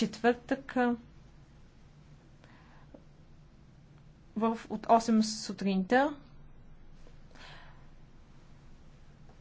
четвъртък в, от 8 сутринта